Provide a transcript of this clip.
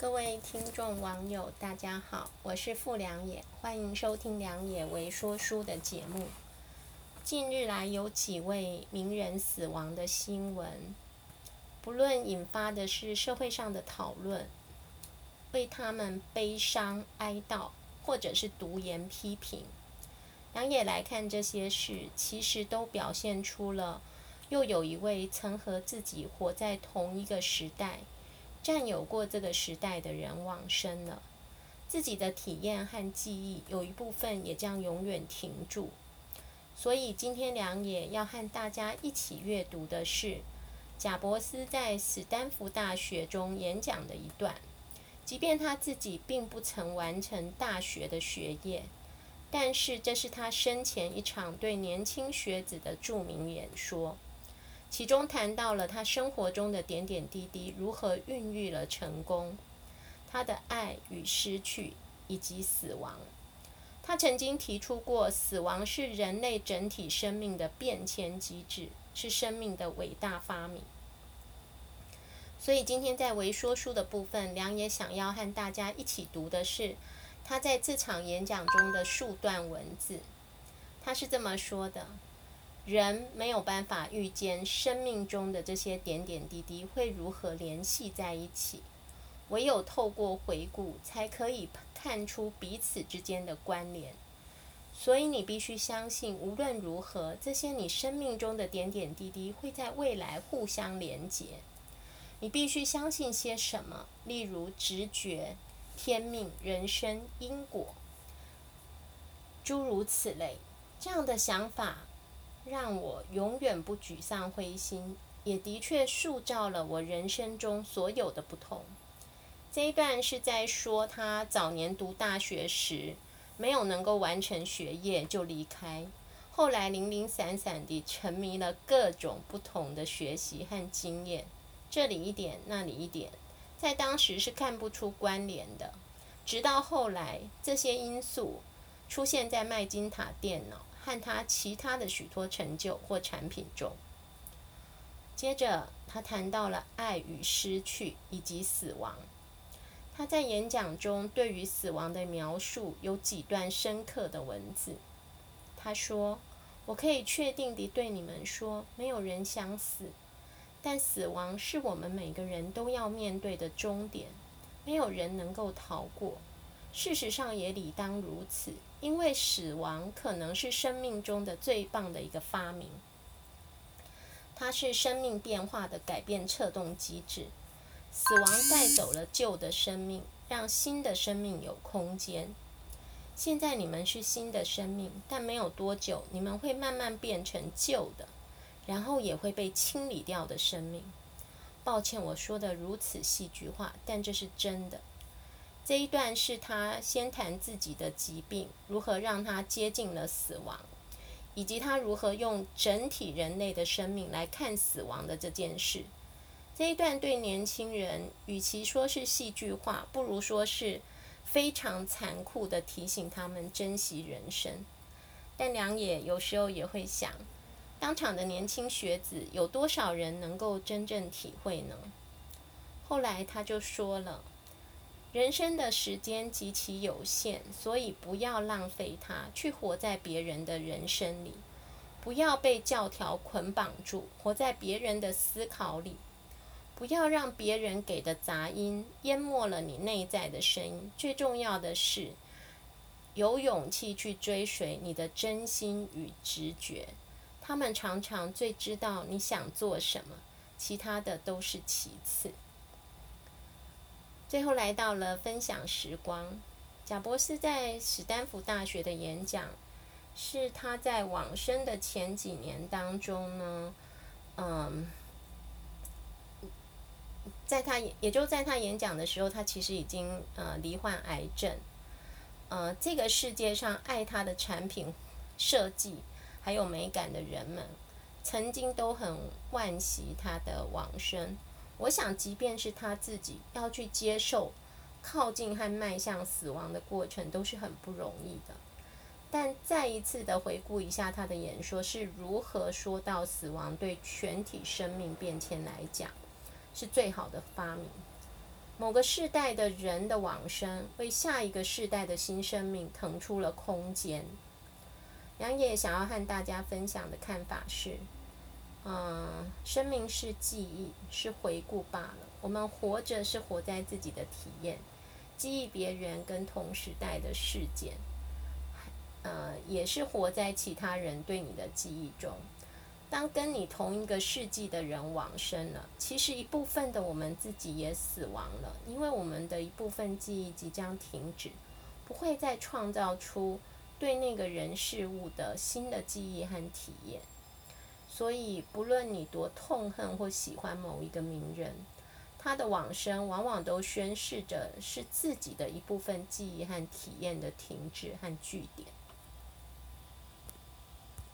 各位聽眾、網友，大家好，我是傅良野，歡迎收聽《良野為說書》的節目。近日來有幾位名人死亡的新聞，不論引發的是社會上的討論，為他們悲傷哀悼，或者是讀言批評，良野來看這些事，其實都表現出了又有一位曾和自己活在同一個時代。佔有過這個時代的人往生了，自己的體驗和記憶有一部分也將永遠停駐。所以今天良也要和大家一起閱讀的是，賈伯斯在史丹福大學中演講的一段。即便他自己並不曾完成大學的學業，但是這是他生前一場對年輕學子的著名演說。其中談到了他生活中的點點滴滴，如何孕育了成功，他的愛與失去，以及死亡。他曾經提出過，死亡是人類整體生命的變遷機制，是生命的偉大發明。所以今天在微說書的部分，良也想要和大家一起讀的是，他在這場演講中的數段文字。他是這麼說的。人沒有辦法預見生命中的這些點點滴滴會如何聯繫在一起，唯有透過回顧，才可以看出彼此之間的關聯。所以你必須相信，無論如何，這些你生命中的點點滴滴會在未來互相連結。你必須相信些什麼？例如直覺、天命、人生、因果，諸如此類這樣的想法。讓我永遠不沮喪、灰心，也的確塑造了我人生中所有的不同。這一段是在說他早年讀大學時沒有能夠完成學業就離開，後來零零散散地沉迷了各種不同的學習和經驗，這裡一點，那裡一點，在當時是看不出關聯的。直到後來，這些因素出現在麥金塔電腦。看他其他的許多成就或產品中，接着他談到了愛與失去以及死亡。他在演講中對於死亡的描述有幾段深刻的文字。他說：“我可以確定地對你們說，沒有人想死，但死亡是我們每個人都要面對的終點，沒有人能夠逃過。”事實上也理當如此，因為死亡可能是生命中的最棒的一個發明。它是生命變化的改變策動機製。死亡帶走了舊的生命，讓新的生命有空間。現在你們是新的生命，但沒有多久，你們會慢慢變成舊的，然後也會被清理掉的生命。抱歉，我說得如此戲劇化，但這是真的。這一段是他先談自己的疾病，如何讓他接近了死亡，以及他如何用整體人類的生命來看死亡的這件事。這一段對年輕人，與其說是戲劇化，不如說是非常殘酷的提醒他們珍惜人生。但良也有時候也會想，當場的年輕學子有多少人能夠真正體會呢？後來他就說了。人生的時間極其有限，所以不要浪費它，去活在別人的人生裡，不要被教條捆綁住，活在別人的思考裡，不要讓別人給的雜音淹沒了你內在的聲音。最重要的是，有勇氣去追隨你的真心與直覺，它們常常最知道你想做什麼，其他的都是其次。最後來到了分享時光。賈伯斯在史丹福大學的演講，是他在往生的前幾年當中呢，嗯，在他也就在他演講的時候，他其實已經呃罹患癌症。呃，這個世界上愛他的產品設計還有美感的人們，曾經都很惋惜他的往生。我想，即便是他自己要去接受靠近和邁向死亡的過程，都是很不容易的。但再一次的回顧一下他的演說，是如何說到死亡對全體生命變遷來講是最好的發明。某個世代的人的往生，為下一個世代的新生命騰出了空間。良也想要和大家分享的看法是：嗯，生命是記憶，是回顧罷了。我們活着是活在自己的體驗，記憶別人跟同時代的事件，呃、嗯，也是活在其他人對你的記憶中。當跟你同一個世紀的人往生了，其實一部分的我們自己也死亡了，因為我們的一部分記憶即將停止，不會再創造出對那個人事物的新的記憶和體驗。所以，不論你多痛恨或喜歡某一個名人，他的往生往往都宣示着是自己的一部分記憶和體驗的停止和句點。